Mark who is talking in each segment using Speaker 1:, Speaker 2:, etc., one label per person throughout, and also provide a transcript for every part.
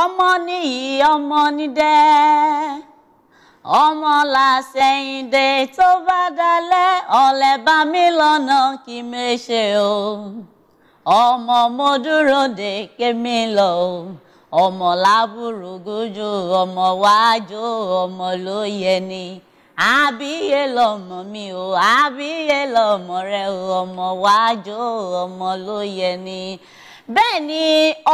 Speaker 1: ọmọ nìyí ọmọ nídẹ́ ọmọ làṣẹ̀yìndé tó bá dalẹ̀ ọ̀lẹ bá mi lọ́nà kí mi ṣe o ọmọ mo dúró de kémi lọ o ọmọ lábúrúgújú ọmọ wájú ọmọ ló yẹ ni àbíyè lọmọ mi o àbíyè lọmọ rẹ o ọmọ wájú ọmọ ló yẹ ni bẹ́ẹ̀ ni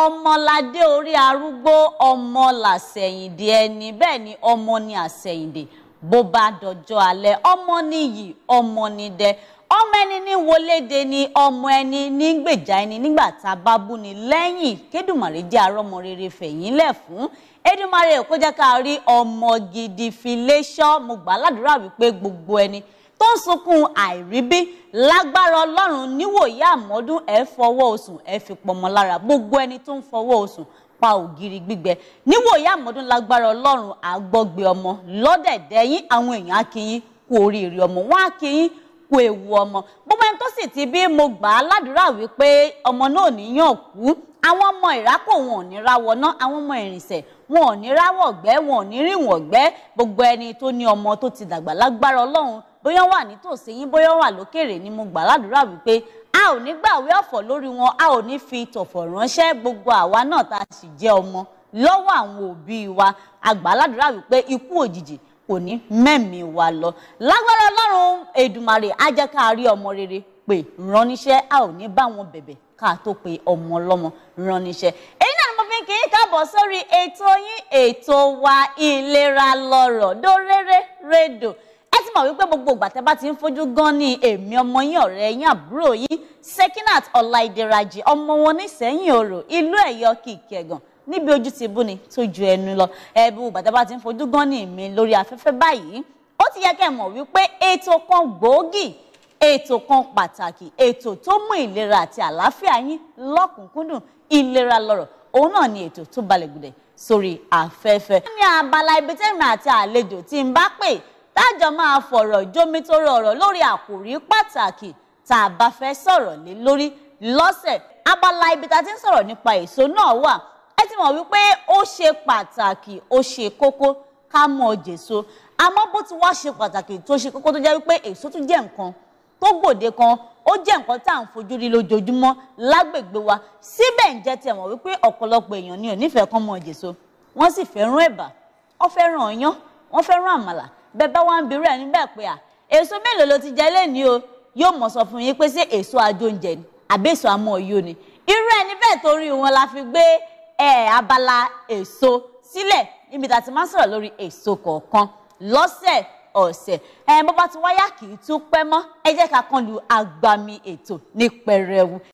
Speaker 1: ọmọládé orí arúgbó ọmọ làṣẹ̀yìndé ẹni bẹ́ẹ̀ ni ọmọ ni àṣẹ̀yìndé bó bá dọjọ́ alẹ́ ọmọ nìyí ọmọ ni dẹ ọmọ ẹni ní wọléde ni ọmọ ẹni ní gbèjà ẹni nígbà tá a bá bú ni lẹ́yìn kédùmàrè jẹ́ arọ́mọ rere fẹ̀yìnlẹ̀ fún Èdùmàrè kó jẹ́ ká rí ọmọ gidi fi léṣọ́ mo gbà ládùúrà wípé gbogbo ẹni tó ń sunkún àìríbí lágbára ọlọ́run níwòye àmọ́dún ẹ fọwọ́ osùn ẹ fi pọmọ lára gbogbo ẹni tó ń fọwọ́ osùn pa ògiri gbígbẹ níwòye àmọ́dún lágbára ọlọ́run àgbọ́gbe ọmọ lọ́dẹ̀dẹ̀ yín àwọn èèyàn á kí yín kú oríire ọmọ wọn á kú ewu ọmọ gbogbo ẹni tó sì ti bí mo gbà á ládùúrà wípé ọmọ náà níyàn kú àwọn ọmọ ìrákò wọn ò ní ráwọ ná àwọn ọmọ ìrìnsẹ̀ wọn ò ní ráwọ ọgbẹ wọn ò ní ríwọn ọgbẹ gbogbo ẹni tó ní ọmọ tó ti dàgbà lágbára ọlọ́run bóyá wà nítòsí yín bóyá wà lókèrè ni mo gbà ládùúrà wípé a ò ní gbàwé ọ̀fọ̀ lórí wọn a ò ní fi tọ̀fọ̀ ránṣẹ́ gbogbo àwa náà tá a sì jẹ́ ọmọ lọ́wọ́ àwọn òbí wa a gbà ládùúrà wípé ikú òjijì kò ní mẹ́mìí wa lọ lágbára ọlọ́run èdùmàrè á jẹ́ ká rí ọmọ rere pé ránníṣẹ́ a ò ní bá wọn bẹ̀bẹ̀ ká tó pe ọmọ ọlọ́mọ ránníṣẹ́ èyí náà ni mo sórí ètò yín ètò wa ìlera lọ́rọ̀ dórére rédò mọ̀ wípé gbogbo ìgbà tẹ́ bá ti ń fojú gan ni èmi ọmọ yín ọ̀rẹ́ yín àbúrò yín Sekinat Ọláìdẹrajì ọmọ wọn nísẹ̀yìn Òrò ìlú Ẹ̀yọ́ kìkẹ̀gàn níbi ojú ti bú ni tó ju ẹnu lọ ẹbí ìgbà tẹ́ bá ti ń fojú gan ni mi lórí afẹ́fẹ́ báyìí ó ti yẹ kẹ́ mọ̀ wípé ètò kan gbòógì ètò kan pàtàkì ètò tó mú ìlera àti àlàáfíà yín lọ́kùnkúndùn ìlera lọ́rọ̀ òun náà ni ètò tó balẹ̀ gùdẹ̀ sórí afẹ́fẹ́. ní abala ibi tẹ́mi àti àlejò tí n bá pè tájọ máa fọ̀rọ̀ jomitoro ọ̀rọ̀ lórí àkòrí pàtàkì tá a bá fẹ́ sọ̀rọ̀ lé lórí lọ́sẹ̀ abala ibi tá a ti ń sọ̀rọ̀ nípa èso náà wà ẹ ti mọ̀ wípé ó ṣe pàtàkì ó ṣe kókó ká mọ̀ jèso àmọ́ bó ti wá ṣe pàtàkì tó ṣe kókó tó jẹ́ wípé èso tún jẹ́ nǹkan tó gbòde kan ó jẹ́ nǹkan tá à ń fojú rí lójoojúmọ́ lágbègbè wa síbẹ̀ ń jẹ́ tiẹ̀ mọ̀ wípé ọ̀pọ̀lọpọ̀ èèyàn ni ò nífẹ̀ẹ́ kán mọ̀ jèso wọ́n sì fẹ́ràn ẹ̀bà wọ́n fẹ́ràn ọyán wọ́n fẹ́ràn àmàlà bẹ́ẹ̀ wá ń birú ẹ̀ níbẹ̀ pé à èso mélòó ló ti jẹ lẹ́ni o yóò mọ̀ sọ fún yín pé ṣé èso ajóúnjẹ ni àbí èso amóòyó ni irú ẹni bẹ́ẹ̀ torí wọn la fi gbé ẹ̀ abala èso sílẹ̀ níbi tá a ti máa ń sọ̀rọ̀ lórí èso kọ̀ọ̀kan lọ́sẹ̀ ọ̀sẹ̀ ẹ bó bá ti wáyà kì í tún pẹ́ mọ́ ẹ jẹ́ ká kan lu agbami ètò ní pẹrẹwu.